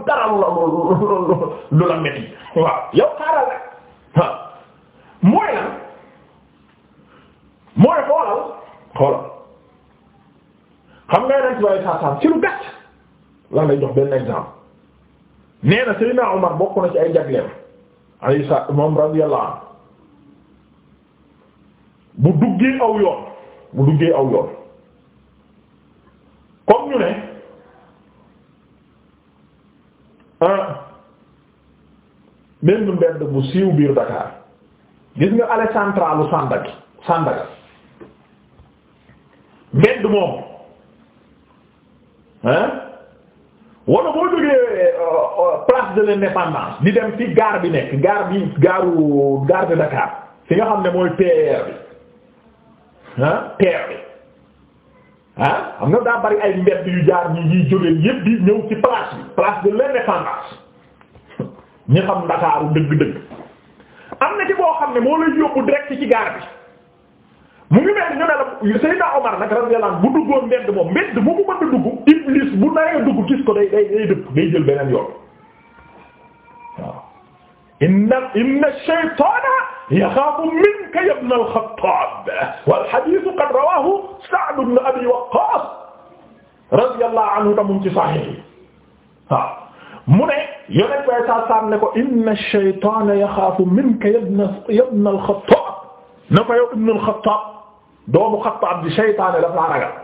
amul dara lu la metti waaw yow xaaral rek waaw mooy lan mooy xoolal xoolal xam nga yeneen tubaab yi lu gàtt lan lay jox benn exemple nee na Seydina Omar ci ay jagleem ay sa moom radiyallahu anhu bu duggee aw yoon bu duggee aw yoon comme ñu ne. Ah. benn mbedd bu siiw biir Dakar gis nga allée centrale u Sandaga Sandaga mbedd moom hein wala boo jógee euh, euh, place de l'indépendance di dem fi gare bi nekk gare bi gaaru gare de Dakar fi nga xam ne mooy TER bi hein TER bi ah xam nga daa bari ay mbedd yu jaar ñi ñuy jógee yépp di ñëw ci place bi place de l'indépendance ñi xam ndakaaru dëgg-dëgg am na ci boo xam ne moo lay yóbbu direct ci gaar bi mu ngi mel ñu ne la Seydina Omar nag radiyallahu anhu bu duggoon mbedd moom mbedd mu mu mën a dugg Iblis bu naree dugg gis ko day day dëpp day jël beneen yoon waaw inna inna shaytaana yaxaafu minka ya ibna al-Xattaab wal hadiis qad rawaahu Sa'd ibn Abi Waqqaas radiyallahu anhu tamit ci Saxiix yi waaw mu ne yonent bi saa saa ne ko inna ash-shaytaana yaxaafu minka ya ibna al-Xattaab na ko yow ibna al-Xattaab doomu Xattaab di seytaane dafa ragal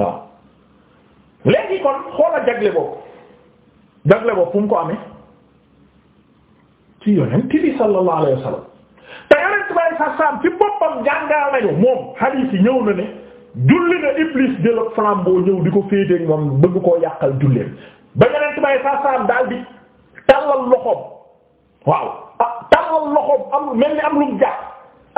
waaw léegi kon xoola jagle boobu jagle boobu fu mu ko amee. ci yonent bi sallallahu alayhi wa sallam te yonent bi sa saam ci boppam jàngal nañu moom hadith yi ñëw na ne julli na Iblis de la flambeau ñëw di ko féeteeg moom bëgg koo yàqal julleen ba yonent bi sa saam daal di tàllal loxoom waaw ah tàllal loxoom am mel ni am lu mu jàpp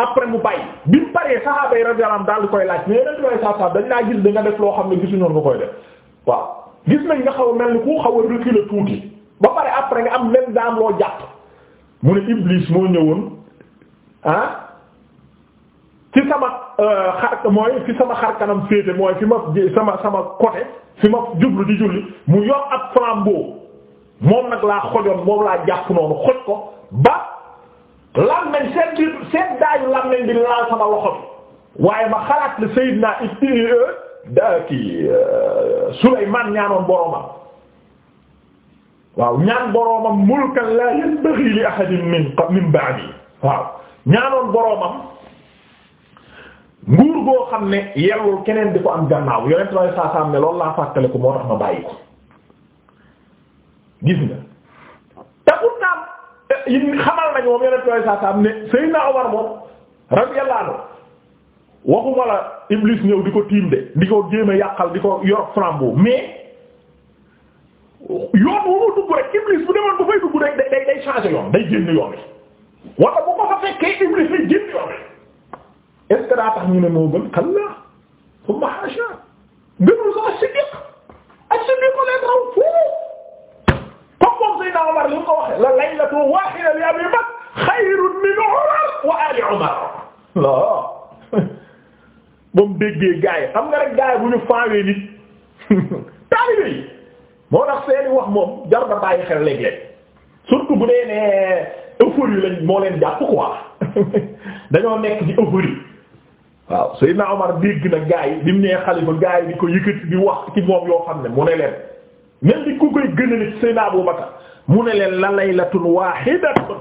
après mu bàyyi bi mu paree di koy laaj mais yonent sa saam dañ laa gis da nga def loo xam ne gisuñu woon nga koy def waaw gis nañ nga xaw mel ni ku xaw a reculer tuuti ba pare après nga am même daam loo jàpp. mu ne Iblis moo ñëwoon ah ci sama euh, xar mooy fi sama xar kanam féete mooy fi ma sama sama côté fi ma jublu di julli mu yor ab flambeau moom nag laa xojoon moom laa jàpp noonu xoj ko ba làmmeñ seet di seet daayu làmmeñ bi laal sama loxo bi waaye ma xalaat le Seydina it euh, kii euh, Souleymane ñaanoon boromam. waaw ñaan boroomam mulkan la yanbaghi li ahadin min min ba'di waaw ñaanoon boroomam nguur goo xam ne yellul keneen di ko am gannaaw yonent lay saa saa loolu laa fàttale ko moo tax ma bàyyi gis nga te pourtant eh, yi xamal nañ moom yonent lay saa saa am ne Seydina Omar moom radiyallahu anhu waxuma la Iblis ñëw di ko tiim de di ko jéem a yàqal di ko yor flambeau mais yoon wu mu dugg rek bu demoon ba fay dugg day day day changer yoon day génn yoon bi wala bu ko fa fekkee iblis day génn yoon bi est-ce que daa tax ñu ne moo gën kallaa thumma haasha gënul sax as-siddiq as-siddiq ko leen raw foofu comme moom Seydina Omar li ko waxee la li Abi Bakr xayrun min Umar wa ali Umar laa ba mu déggee xam nga rek gaay bu ñu faawee nit taalibe yi moo tax seeni wax moom jar na bàyyi xel léeg-léeg surtout bu dee nee euphorie lañ moo leen jàpp quoi dañoo nekk ci euphorie waaw Seydina Omar dégg na gaa yi bi mu nee xalifa gaa yi ko yëkkati di wax ci moom yoo xam ne mu ne leen même di ku koy gënale Seydina Abu Bakar mu ne leen la laylatun waahidatun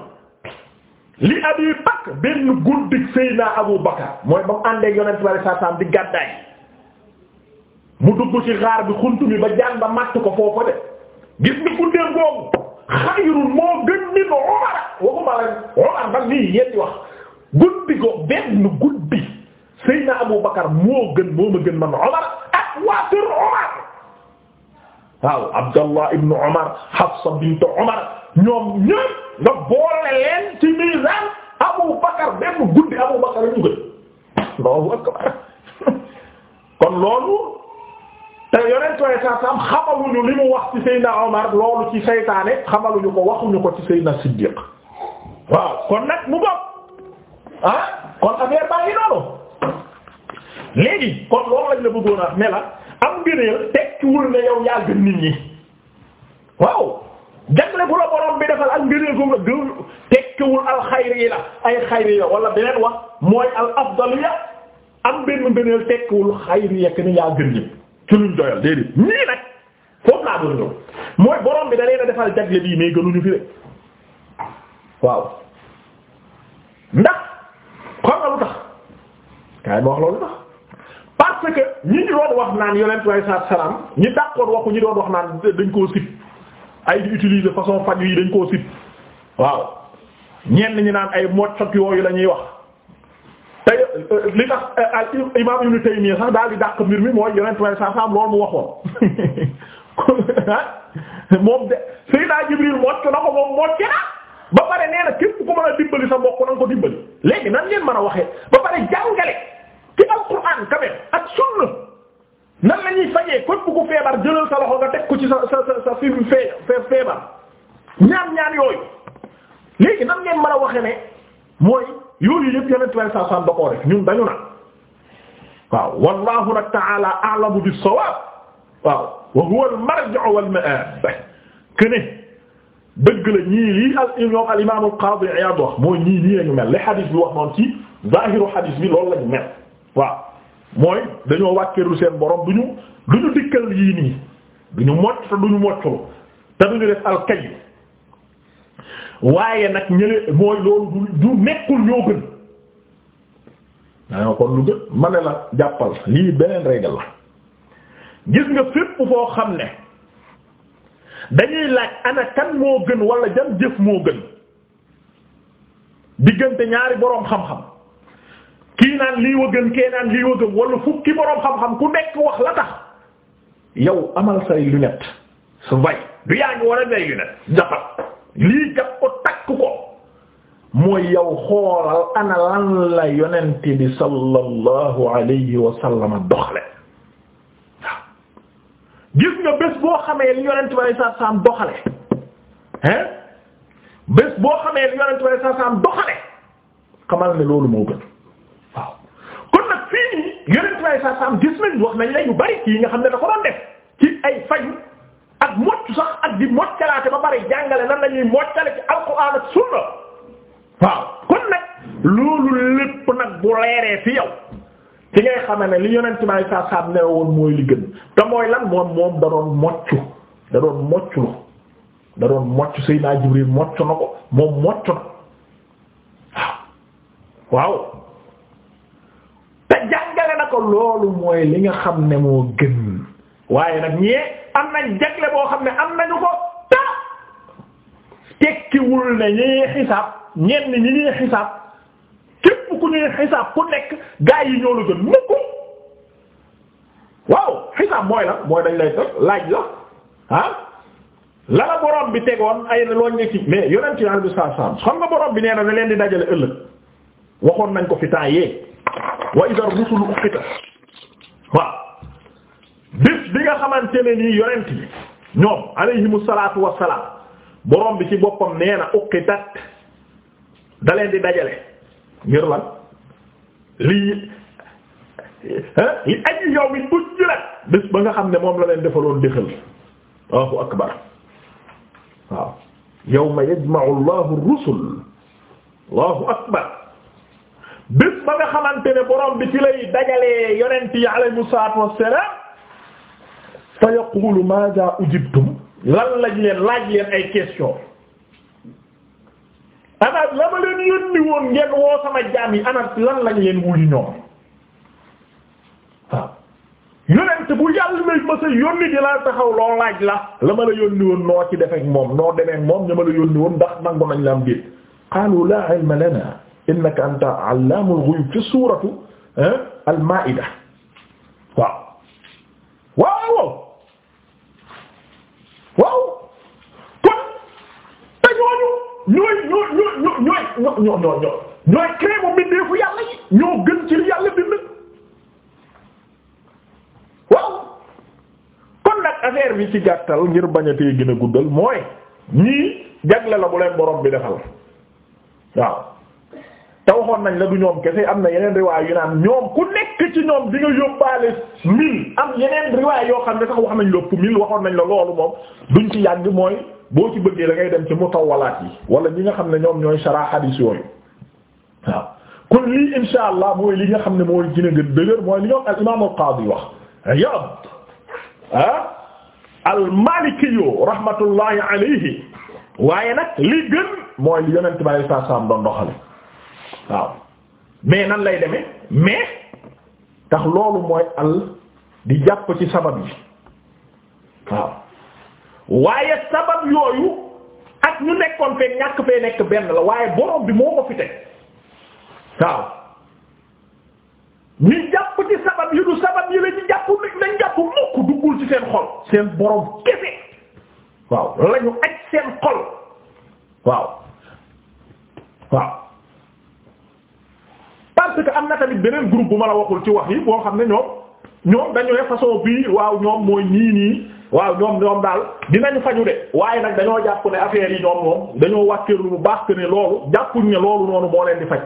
li Abi Bakr benn guddi Seydina Abu Bakar mooy ba mu àndeek yonent bi sallallahu alayhi wasallam di gàddaay mu dugg ci xaar bi xunt mi ba jaan ba matt de gis ni guddeem boobu xayrul moo gën min Umar waxuma Abu Bakar moo gën moo gën man Umar ak waa kër Umar waaw Abdallah ibn Umar Hafsa bint Umar ñoom ñëpp nga boole leen ci mizan Abu Bakar benn guddi Abu Bakar ñu gën Allahu akbar kon loolu te yonent way sa sam xamaluñu li mu wax ci Seydina Omar loolu ci seytaane xamaluñu ko waxuñu ko ci Seydina Siddiq waaw kon nag mu bopp ah kon affaire baa ngi noonu léegi kon loolu lañ la bëggoon a ne la am gëneel tekkiwul ne yow yaa gën nit ñi waaw jagle bu la borom bi defal ak ngëneel gu la gën tekkiwul al la ay xayri la wala beneen wax mooy al am benn ngëneel tekkiwul xayri ya ni yaa gën ñëpp ci luñ doyal déedéet nii nag foofu laa doon ñëw mooy borom bi da leen a defal jagle bii mais gënuñu fi rek waaw ndax xam nga lu tax kaay ma wax loolu tax parce ñi ñu doon wax naan yonent bi saa salaam ñi dàqoon waxu ñi doon wax naan dañ koo sib ay di utiliser façon faj yi dañ koo sib waaw ñenn ñi naan ay mocc yooyu la ñuy wax. te euh, li tax euh, al imaam Ibnu Taymiyya sax daal di dàq mbir mi mooy yonent way sa sam loolu mu waxoon moom de Seydina Jibril mocc na ko moom mocc na ba pare nee na képp ku mën a dimbali sa mbokk na nga ko dimbali léegi nan ngeen mën a waxee ba pare jàngale ci alquran quand même ak sunna nan la ñuy fajee képp ku feebar jëlal sa loxo nga teg ko ci sa sa sa sa fi fee feebar ñaan ñaan yooyu léegi nan ngeen mën a waxee ne mooy yooyu yëpp yeneen trois cent soixante da koo def ñun dañu na waaw wallahu nag ta'ala a'lamu bis-sawab waaw wa huwa al-marji'u wal-ma'ab këne dëgg la ñii lii al ñoom al imaam al-Qaadi Iyaad wax mooy ñii nii lañu mel li xadis bi wax noonu ci zaahiru xadis bi loolu lañu mel waaw mooy dañoo wàkkeeru seen borom duñu duñu dikkal yii nii duñu mocc te duñu moccul te duñu def al-kayy waaye nag ñële mooy loolu du nekkul ñoo gën dañoo kon lu gën ma ne la jàppal lii beneen règle la gis nga fépp foo xam ne dañuy laaj ana kan moo gën wala jam jëf moo gën diggante ñaari boroom xam-xam kii naan lii wa gën kee naan lii wa gën wala fukki boroom xam-xam ku nekk wax la tax yow amal say lunette su bay du yaa ngi war a day lunette jàppal lii jàpp ko takk ko mooy yow xoolal ana lan la yonent bi sallallahu alayhi wa sallam doxale gis nga bés boo xamee li yonent bi alayhi salaam doxale hein bés boo xamee li yonent bi salaam doxale xamal ne loolu moo gën kon nag fii nii yonent salaam gis nañ wax nañ la yu bari yi nga xam ne da ko doon ay faju wattu sax ak di moccalaate ba pare jàngale nan la moccale ci alquran ak sunna waaw kon nag loolu lépp nag bu leeree fi yow ci ngay xamee ne li yonent may sa saab ne woon mooy li gën te mooy lan moom da doon moccu da doon moccu da doon moccu Seydina Jibril moccu na ko moom moccu na waaw te jàngale na ko loolu mooy li nga xam ne moo gën waaye nag ñee am na jagle boo xam ne am nañu ko ta tekkiwul ne ñi xisaab ñenn ñi ñuy xisaab képp ku ñuy xisaab ku nekk gaa yi ñoo la gën mukk waaw xisaab mooy la mooy dañ lay teg laaj la ah la la borom bi tegoon ay na looñ nekk mais yonent ci Yàlla bi saa saam xam nga borom bi nee na leen di dajale ëllëg waxoon nañ ko fi temps yee wa idar rusulu uqita waaw bis bi nga xamante ne nii yonent bi ñoom alayhimu salaatu wassalaam borom bi ci boppam nee na uqitat da di dajale ngir lan lii li aji yow mi bis ba nga xam ne moom la leen defaloon déxal Allahu akbar waaw yawma yajma'u Allahu ar-rusul akbar bis ba nga xamante borom bi ci lay dajalee yonent yi alayhimu salaatu fa yaqulu maaza ujibtum lan lañ leen laaj leen ay question ana la ma leen yónni woon ngeen woo sama jaam yi ana lan lañ leen wuyu ñoom waaw yonent bu yàlla may ma sa yónni di taxaw loo laaj la la ma la yónni woon noo ci defeek moom noo demeek moom ña ma la yónni woon ndax nangu nañ la am déet laa ilma lana innaka anta allaamul ghuyub ci suuratu ah, al-maa'ida ñooy ñooy ñooy ñooy ñooy ñooy ñooy yàlla yi ñoo gën ci li yàlla bind waaw kon nag affaire bi ci gàttal ngir bañ a tee gën a guddal mooy ñii jagle la bu leen borom bi defal waaw te waxoon nañ la du ñoom kese am na yeneen riwaay yu naan ñoom ku nekk ci ñoom di nga yóbbaale mil am yeneen riwaay yoo xam ne sax wax nañ lépp waxoon nañ la loolu moom duñ ci yàgg mooy. boo ci bëggee da ngay dem ci mutawalaat yi wala ñi nga xam ne ñoom ñooy sarah hadis yooyu waaw kon lii insha allah mooy li nga xam ne mooy gën a gën dëgër mooy li ñoom al imaam ah, waaye nag li gën mooy li yonent bi doon doxale waaw mais nan lay deme mais tax loolu mooy al di jàpp ci sabab yi waaw. waaye sabab yooyu ak ñu nekkoon fee ñàkk fee nekk benn la waaye borom bi moo ko fi teg waaw ñu jàpp ci sabab yi du sabab yi la jàpp nañ jàpp mukk duggul ci seen xol seen borom kese waaw lañu aj seen xol waaw waaw parce am na tamit beneen groupe bu ma la waxul ci wax yi boo xam ne ñoom ñoom dañu ne façon bii waaw ñoom mooy nii nii waaw ñoom ñoom daal dinañ faju de waaye nag dañoo jàpp ne affaire yi ñoom moom dañoo wàcceelu bu baax que ne loolu jàppuñ ne loolu noonu moo leen di faj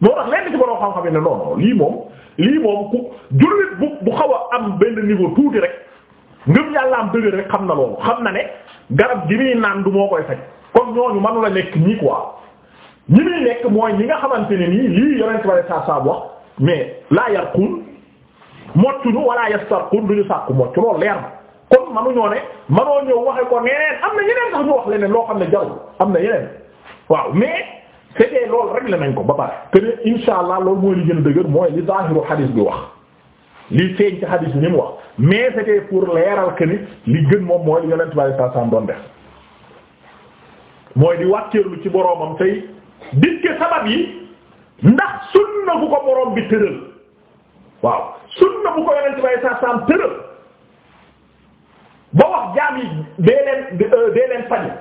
moo tax lenn ci borom xam-xam yi ne non non lii moom lii moom ku jullit bu bu xaw a am benn niveau tuuti rek ngëm yàlla am dëgër rek xam na loolu xam na ne garab gi muy naan du moo koy faj kon ñooñu mënu la nekk ñii quoi ñi muy nekk mooy ñi nga xamante ne nii lii yonent bale saa saa wax mais laa yarquun moccuñu wala yastarquun duñu sàkku kon manuñoo ne manoo ñëw waxe ko neneen am na yeneen sax ñu wax leneen loo xam ne jaru am na yeneen waaw mais c'était loolu réglé nañ ko ba pare que ne insha mooy li gën a dëgër mooy li zaahiru hadith bi wax li feeñ ci hadith bi ni mu wax mais c'était pour leeral que ni li gën moom mooy li yonent bi saa saa doon def mooy di wàcceerlu ci boroomam tey dikke sabab yi ndax sunna bu ko boroom bi tëral waaw sunna bu ko yonent bi saa ba wax jaam yi dee leen dee leen fañu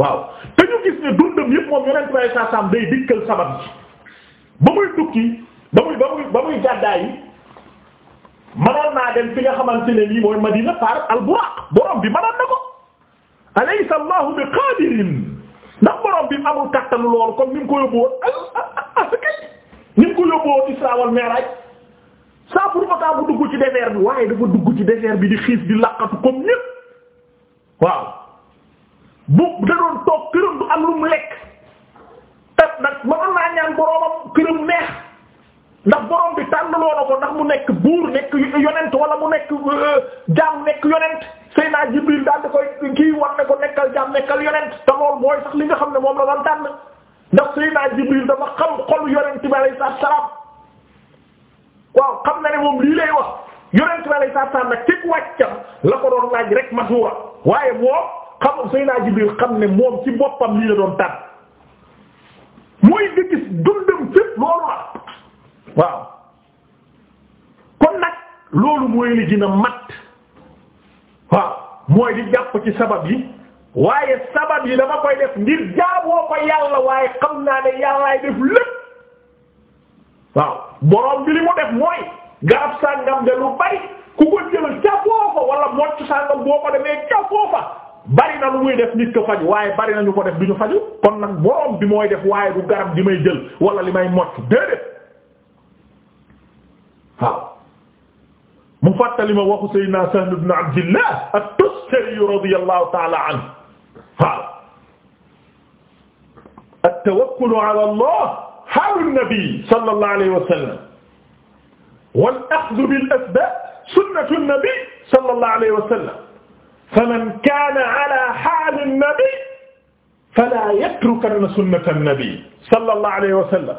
waaw te ñu gis ne dundam yëpp moom yonent bi saa saam day dikkal sabab ji ba muy tukki ba muy ba muy ba muy gàddaa yi mënoon naa dem fi nga xamante ne nii mooy Madina par al borom bi mënoon na ko. alaysa Allahu bi qaadirin ndax borom bi amul kattanu lool comme ni ko yóbbu woon as as as ko yóbbu woon Isra wal Mi'raj ça pour autant ko dugg ci désert bi waaye dafa dugg ci désert bi di xiif di laqatu koom ñépp waaw bu da doon toog këram du am mu lekk te nag mënoon naa ñaan boroomam këram neex ndax borom bi tànnaloo na ko ndax mu nekk buur nekk yonent wala mu nekk euh, jaam nekk yonent Seydina Jibril daal di koy kii war ne ko nekkal jaam nekkal yonent te loolu mooy sax li nga xam ne moom la doon tànn ndax Seydina Jibril dafa xam xolu yonent bi alayhi salaam waaw xam na ne moom lii lay wax yonent bi alayhi nag képp wàccam la ko doon laaj rek masuura waaye moom xam Seydina Jibril xam ne moom ci boppam lii la doon tar mooy nga gis dundam fépp loolu la kon nag loolu mooy li gën a waaw mooy di jàpp ci sabab yi waaye sabab yi dama koy def ngir jaaboo ko yàlla waaye xam naa ne yàllaay def lépp waaw borom bi li mu def mooy garab sàngam de lu bari ku ko jël ca foofa wala mocc sàngam boo ko demee ca foofa bari na lu muy def nit ko faj waaye bari na ñu ko def du ñu faju kon nag borom bi mooy def waaye du garab di may jël wala li may mocc déedéet waaw. mu fàttali ma waxu Seydina Sahl ibn Abdillah at-Tustari radiyallahu ta'ala anhu waaw at-tawakkul ala Allah xaalu nabi sallallahu alayhi wa sallam wal axdu bil asbaab sunnatu nabi sallallahu alayhi wa sallam faman kaana ala xaali nabi fala yatrukanna sunnata nabi sallallahu alayhi wa sallam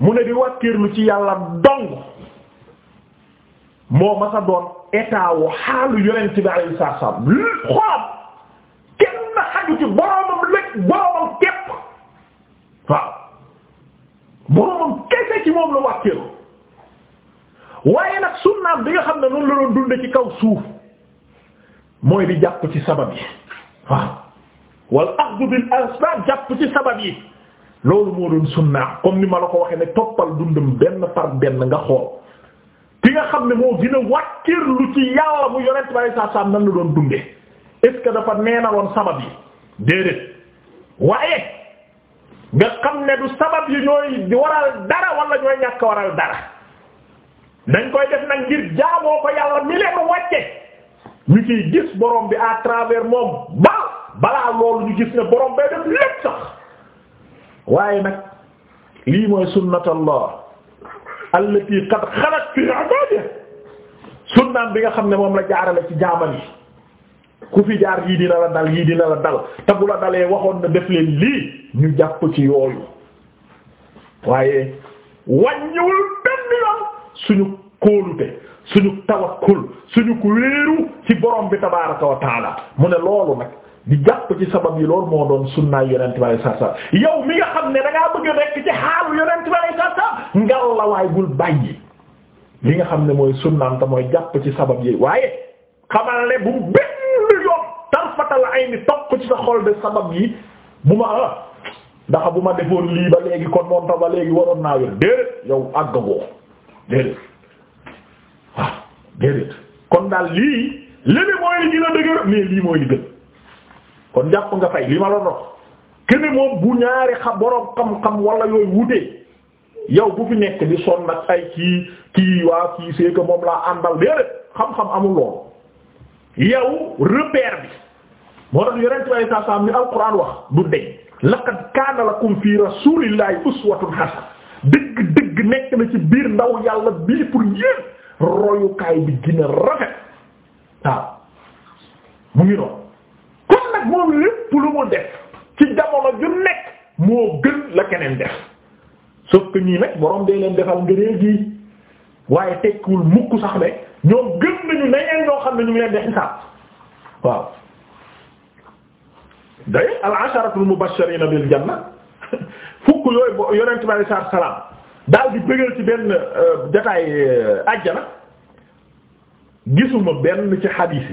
mu ne di wàkkiirlu ci yàlla dong moo mas a doon état wu xaalu yonent bi alayhi salaam xolam kenn xaju ci boromam lekk boromam boroomam kese ci moom la wàcceelu waaye nag sunnaam bi nga xam ne noonu la doon dunde ci kaw suuf mooy di jàpp ci sabab yi waaw wal axdu bil asbaab jàpp ci sabab yi loolu moo doon sunnaam comme ni ma la ko waxee ne toppal dundam benn par benn nga xool bi nga xam ne moo gën a wàcceelu ci yàlla mu yonent bi saa saa nan la doon dunde est dafa nee na neena woon sabab yi déedéet waaye nga xam ne du sabab yi ñooy waral dara wala ñooy ñàkk waral dara dañ koy def nag ngir jaamoo ko yàlla mi leen wàcce ñu ciy gis borom bi à travers moom ba balaa loolu ñu gis ne borom bay def lépp sax waaye nag lii mooy sunnatullah allati qad xalat fi ibadihi sunnaam bi nga xam ne moom la jaarale ci jaaman yi ku fi jaar yii dina la dal yii dina la dal te bu la dalee waxoon na def leen lii ñu jàpp ci yooyu waaye wàññiwul benn yoon suñu kóolute suñu tawakkul suñu ku wéeru ci borom bi tabaaraka wa taala mu ne loolu nag di jàpp ci sabab yi loolu moo doon sunnaay yonent bi saa saa yow mi nga xam ne da bëgg rekk ci xaalu yonent bi saa saa ngal la waay bul bàyyi li nga xam ne mooy sunnaam te mooy jàpp ci sabab yi waaye xamal ne bu tarfatal ay ni toq ci sa xol de sabab yi bu ma ah, ndax bu ma defoon lii ba léegi kon moom tax ba léegi waroon naa wér déedéet yow àggagoo déedéet waaw ah, déedéet kon daal lii léegi mooy li gën a dëgër mais lii mooy li gën kon jàpp nga fay li ma la dox kene moom bu ñaari xam borom xam-xam wala yooyu wutee yow bu fi nekk di son nag kii kii waa kii c'est moom laa àndal déedéet xam-xam amul loolu yow repère bi moo tax yonent way sa sam ni alquran wax du deñ laqad kaana lakum fi rasulillahi uswatun hasana dëgg dëgg nekk na ci biir ndaw yàlla bii pour yéen royukaay bi gën a rafet waaw mu ngi noonu kon nag moom lépp lu mu def ci jamono ju nekk moo gën la keneen def sauf que ñii nag boroom day leen defal ngëneel gi waaye tekkiwul mukk sax ne ñoom gën nañu nañeen ñoo xam ne ñu leen def xisaab waaw day al asharatul mubashirina bil janna fukk yooyu bo yonent bi alayhi salaatu salaam daal di bëggal ci benn jataay euh, euh, ajjana gisuma benn ci xadiis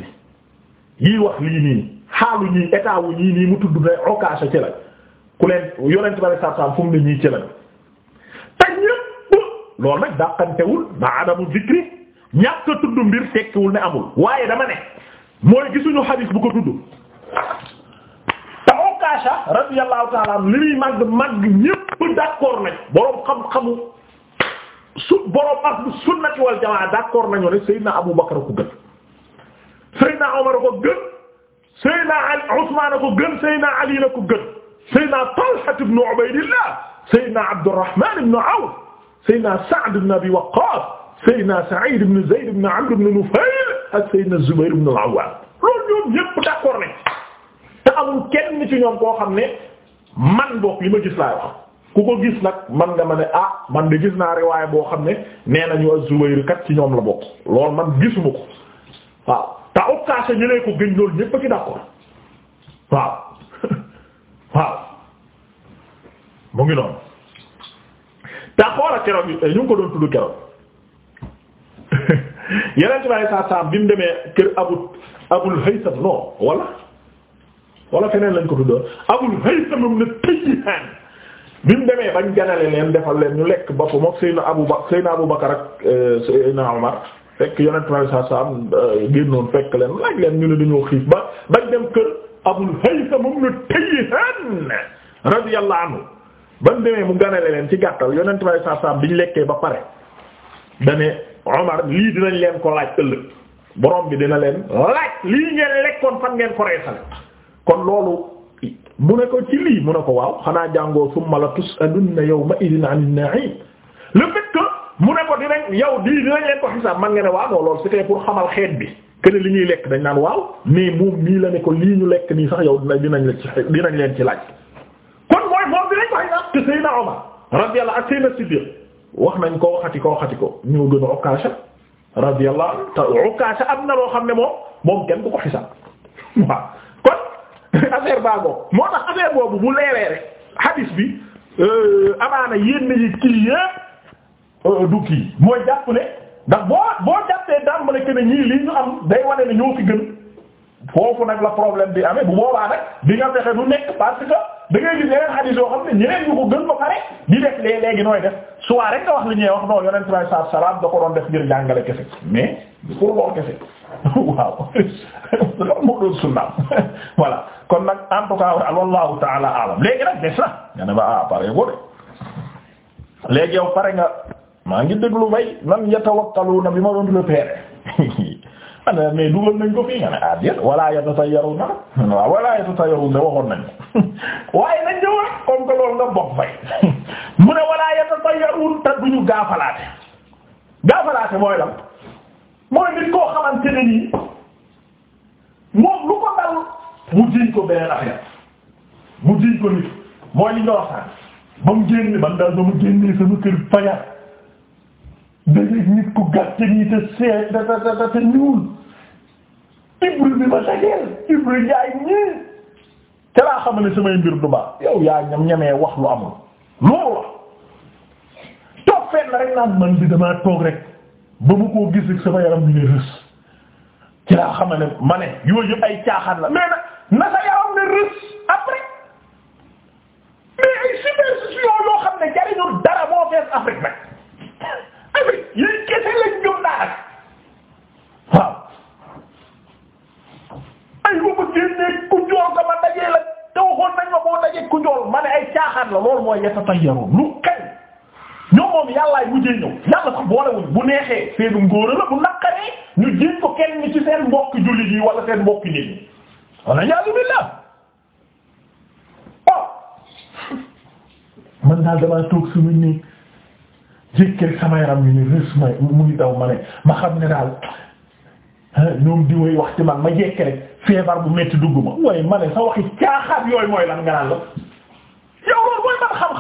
yi yiy wax lii nii xaalu ñii état wu ñii nii mu tudd ne okaasa ci la ku leen yonent bi alayhi salaatu salaam fu mu ne ci la te ñépp loolu nag dàqantewul ma adamu zikri ñàkk tudd mbir tekkiwul ne amul waaye dama ne mooy gisuñu xadiis bu ko tudd Aisha radiyallahu ta'ala li muy màgg màgg ñépp d'accord nañ boroom xam-xamu su boroom ahlu sunnati wal jamaa d'accord nañu ne Seydina Abu Bakr ko gën Seydina Omar ko gën Seydina Ali Usmaan ko gën Seydina Ali la ko gën Seydina Talha ibn Ubaydillah Seydina Abdurrahman ibn Awf Seydina Sa'd ibn Abi Waqqas Seydina Sa'id ibn Zayd ibn Amr ibn Nufayl ak Seydina Zubayr ibn al-Awwam loolu ñoom ñépp d'accord nañ amul kenn ci ñoom koo xam ne man bokk li ma gis laay wax ku ko gis nag man nga ma ne ah man de gis naa riwaay boo xam ne nee nañu az-Zubayr kat ci ñoom la bokk loolu man gisuma ko waaw te Ukkaasha ñu lay ko gëñ loolu ñépp a ci d'accord waaw waaw mu ngi noonu te ñu ko doon tudd keroog yeneen ci bi mu demee kër Abu Abul Haytham non wala wala feneen lañ ko tuddoon Abul a ibn Tayyihan bi mu demee bañ ganale leen defal leen ñu lekk bopp mook Seyna Abu Bakar Seyna Abu Bakar ak euh, Seyna Omar fekk yonent bi saa saa am génnoon fekk leen laaj leen ñu ne dañoo xiif ba bañ dem kër Abul Haytham ibn Tayyihan radiyallahu demee mu ganale leen ci gàttal yonent bi saa saa biñ lekkee ba pare dane Omar lii dinañ leen ko laaj ëllëg borom bi dina leen laaj lii ngeen lekkoon fan ngeen ko reesal kon loolu mu ne ko ci lii mu ne ko waaw xanaa jàngoo summa la tus'alunna ma idin 'anil na'im le fait que mu ne ko dinañ yow di dinañ leen ko xisaab man nga ne waaw loolu c'était pour xamal xeet bi que li ñuy lekk dañ naan waaw mais moom mii la ne ko lii ñu lekk nii sax yow dinañ leen ci dinañ leen ci laaj. kon mooy moom dinañ ko xisaab te Seydina Omar radiyallahu ak Seydina Siddiq wax nañ ko waxati ko waxati ko ñoo gën a Ukkaasha radiyallahu am na loo xam ne moom moom kenn du ko xisaab waaw. affaire baa boobu moo tax affaire boobu bu leeree rek hadis bi euh, amaana yenn yi kii yëpp euh, du kii mooy jàpp ne ndax boo boo jàppee dàmbale que ne ñii lii ñu am day wane na ñoo fi gën foofu nag la problème bi amee bu boobaa nag di nga fexe du nekk parce que da ngay gis yeneen hadis yoo xam ne ñeneen ñu ko gën ba pare di def léeg léegi nooy def soit rek nga wax li ñuy wax non yonent bi sallallahu alayhi wasallam da ko doon def ngir jàngale kese mais pour lool kese. waaw loolu doon sunnaam voilà kon nag en tout cas wallahu taala alam léegi nag des na nga ne ma ah pare boo léegi yow pare nga maa ngi déglu bay man yatawakkaluna bi ma doon repérer ana mais dugal nañ ko fii nga ne ah déet wala yatasayaruna waaw wala yatasayaruna waxoon nañ waaye nañ ñëw rek comme que loolu nga bokk fay mu ne wala yatasayarun te duñu gaafalaate gaafalaate mooy lan. mooy nit koo xamante ne nii moom lu ko dal mu jiñ ko beneen affaire mu jiñ ko nit mooy li ñoo xam ba mu génn man daal ba mu génnee sama kër fajar dajeeg nit ku gàtt nii te see te te te te ñuul ibri bi ma dajeel ibri yaay ñii te laa xam ne samay mbir du baax yow yaa ñam ñamee wax lu amul loolu la toog fenn rek naan man bi damaa toog ba mu koo gis sama yaram bi ne rës ci laa xama ne ma ne yooyu ay caaxaan la mais na sa yaram ne rës après mais ay superstition yoo xam ne jariñu dara moo fees Afrique ay ba ma génnee ku joor ko ma dajee la te waxoon nañ ma boo dajee ku joor ma ne ay caaxaan la loolu mooy yetta tay yaroon lu ñoom moom yàllaay mujjee ñëw yàlla sax boolewuñ bu neexee seenum góor la bu naqaree ñu jiñ ko kenn ni ci seen mbokk jullit yi wala seen mbokk nit ñi wala ñaari billah oh man daal damaa toog suñu nii jékkee sama yaram yu ni rës ma muy daw ma ne ma xam ne daal ñoom di way wax ci man ma jékkee rek feebar bu metti dugg ma waaye ma ne sa waxi caaxaat yooyu mooy lan nga naan la yow loolu mooy man xam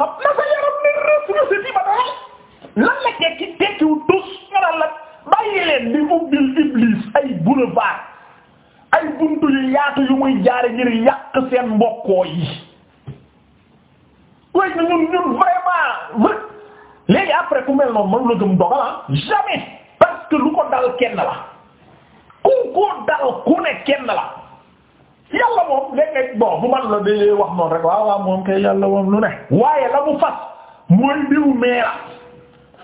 lan la tekki tekkiwu tus ñoral la bàyyi leen di ubbil iblis ay boulevard ay buntu yu yaatu yu muy jaare ngir yàq seen mbokkoo yi way na ñun ñun vraiment léegi après ku mel noonu mënu la gëm dogal ah jamais parce que lu ko dal kenn la ku ko dal ku ne kenn la yàlla moom léeg-léeg bon bu man la day wax noonu rek waaw waaw moom kay yàlla moom lu ne waaye la mu fas mooy diw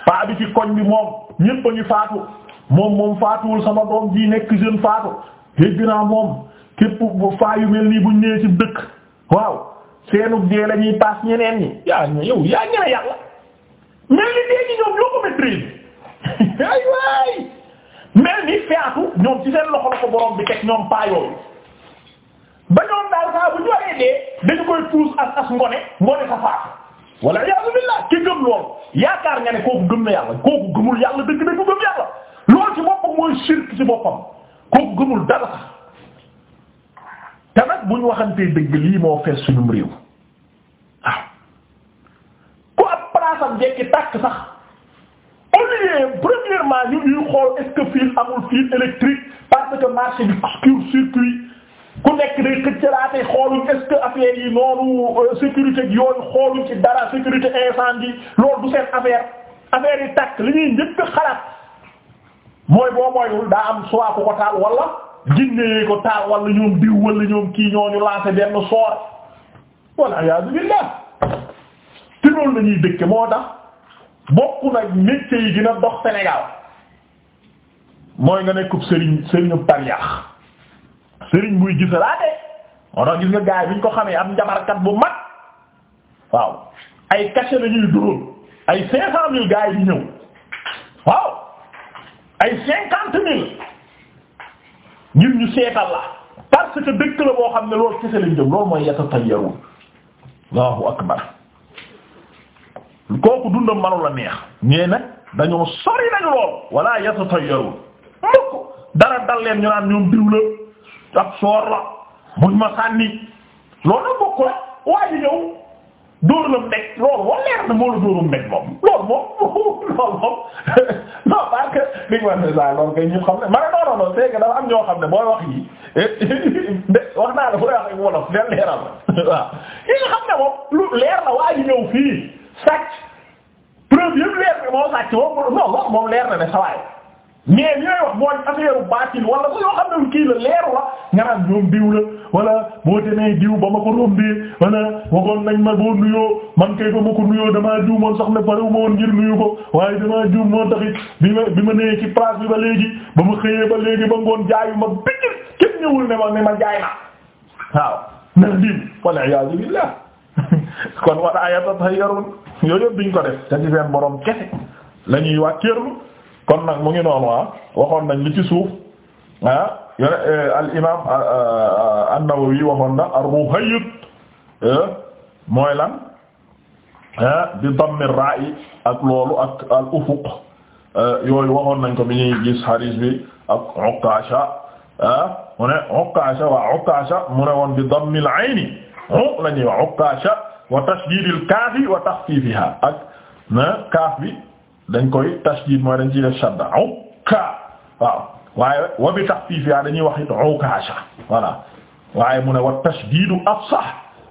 paa bi ci koñ bi moom ñépp faatu moom moom faatuwul sama doom ji nekk jeune faatu hégg naa moom képp bu yu mel nii buñ ñëwee ci dëkk waaw seenug dee la paas ñeneen ñi yaa yow yaa ñene yàlla mel ni dee ñoom ñoo ko maîtrise ay mel ni faatu ñoom ci seen loxo la ko bi teg ñoom paa ba ñoom daal saa bu ñu waree dañu koy puus as as ngone ngone sa faatu wala iyaazu billaah ki gëm loolu yaakaar nga ne kooku gëm na yàlla kooku gëmul yàlla dëgg dëgg gëm yàlla loolu ci boppam mooy sirk ci boppam kooku gëmul dara te nag bu ñu waxantee dëgg lii moo fees suñum réew waaw ku ab palaasam jekki tàkk sax au lieu premièrement ñu ñuy xool est-ce amul fil électrique parce que marché bi court circuit ku nekk day xëccalaate xooluñ est-ce que affaire yi noonu euh, sécurité yooyu xooluñ ci dara sécurité incendie loolu du seen affaire affaire yi takk li ñuy njëkk xalaat mooy boo moyul daa am soit ku ko taal wala ginne ko taal wala ñoom diw wala ñoom kii ñooñu lancé benn soor wala iyaazu billah te loolu la ñuy dëkke moo tax bokk na métier yi dina dox Sénégal mooy nga nekkub sëriñ sëriñu pariyaax sëriñ buy gisalaate moo tax gis nga gaay bi ñu ko xamee am njabarkat bu mag waaw ay cachet la ñuy dugal ay cinq cent gaay di ñëw waaw ay cinquante mille ngir ñu seetal la parce que dëkk la boo xam ne loolu kese lañ jëm loolu mooy yata tayyarul la neex ñee nag dañoo dara dal leen ñu naan ñoom diw ab soor la ma sànni loolu la bokk la waaye ñëw dóor mu nekk loolu wala leer na moo la dóorum nekk moom loolu moom loolu moom non parce que liñ ma ne loolu kay ñu xam ne ma ne non non non am ñoo xam ne booy wax moom leer na waaye ñëw fii sàcc preuve leer na moom non moom leer na ne sa waay mais li ngay wax mooy affaire baatil wala bu yoo xam ne kii la leeru la nga naan diw la wala boo demee diw ba ma ko rombee wala waxoon nañ ma boo nuyoo man kay ba ma ko nuyoo damaa juum woon sax ne pare wu ma woon ngir nuyu ko waaye damaa juum moo taxit bi ma bi ma nee ci place bi ba léegi ba ma xëyee ba léegi ba ngoon jaayu ma bëccëg kenn ñëwul ne ma ne ma jaay naa waaw ndax diw wala iyaazu billah kon wala ayatata yarun yooyu yëpp duñ ko def te ci kon nag mu ngi noonu waa ah, waxoon nañ li ci suuf ah yone eh, al imam ah, ah, an-Nawawi waxoon na ar-Ruhayd eh, mooy lan eh, bi damm ar-ra'i ak loolu ak al-ufuq yooyu waxoon nañ ko bi ñuy gis hadith bi ak Uqasha mu ne Uqasha waa Uqasha mu ne woon bi damm al-ayn la ñuy wax Uqasha wa tashdid al-kaaf wa takhfifiha ak kaaf bi dañ koy tashdid mooy dañ ciy def shadda ukka waaw waaye wa bi tax yaa dañuy wax it ukaasha voilà waaye mu ne wa tashdidu afsah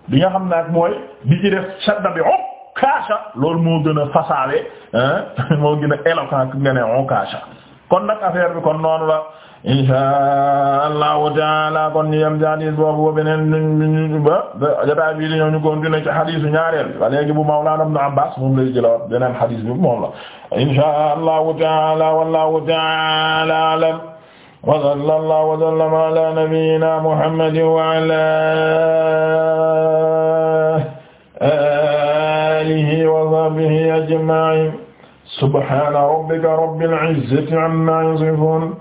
bi nga xam ne ak mooy bi ci def shadda bi ukaasha loolu moo gën a fasaale moo gën a éloquent nga ne ukaasha kon nag affaire bi kon noonu la inshaa allahu taala kon ñu yem ci hadis boobu ba beneen ñu ba jotaay bi li ñëw ñu continuer ci hadisu ñaareel ba léegi bu mawlaana ibn Abbaas moom lay jëlaat beneen hadis bi moom la inshaa allahu taala wallahu taala a'lam wa sallallahu wa sallama ala nabiyyina muhammadin wa ala alihi wa sahbihi ajma'in subhana rabbika rabbil izzati amma yasifun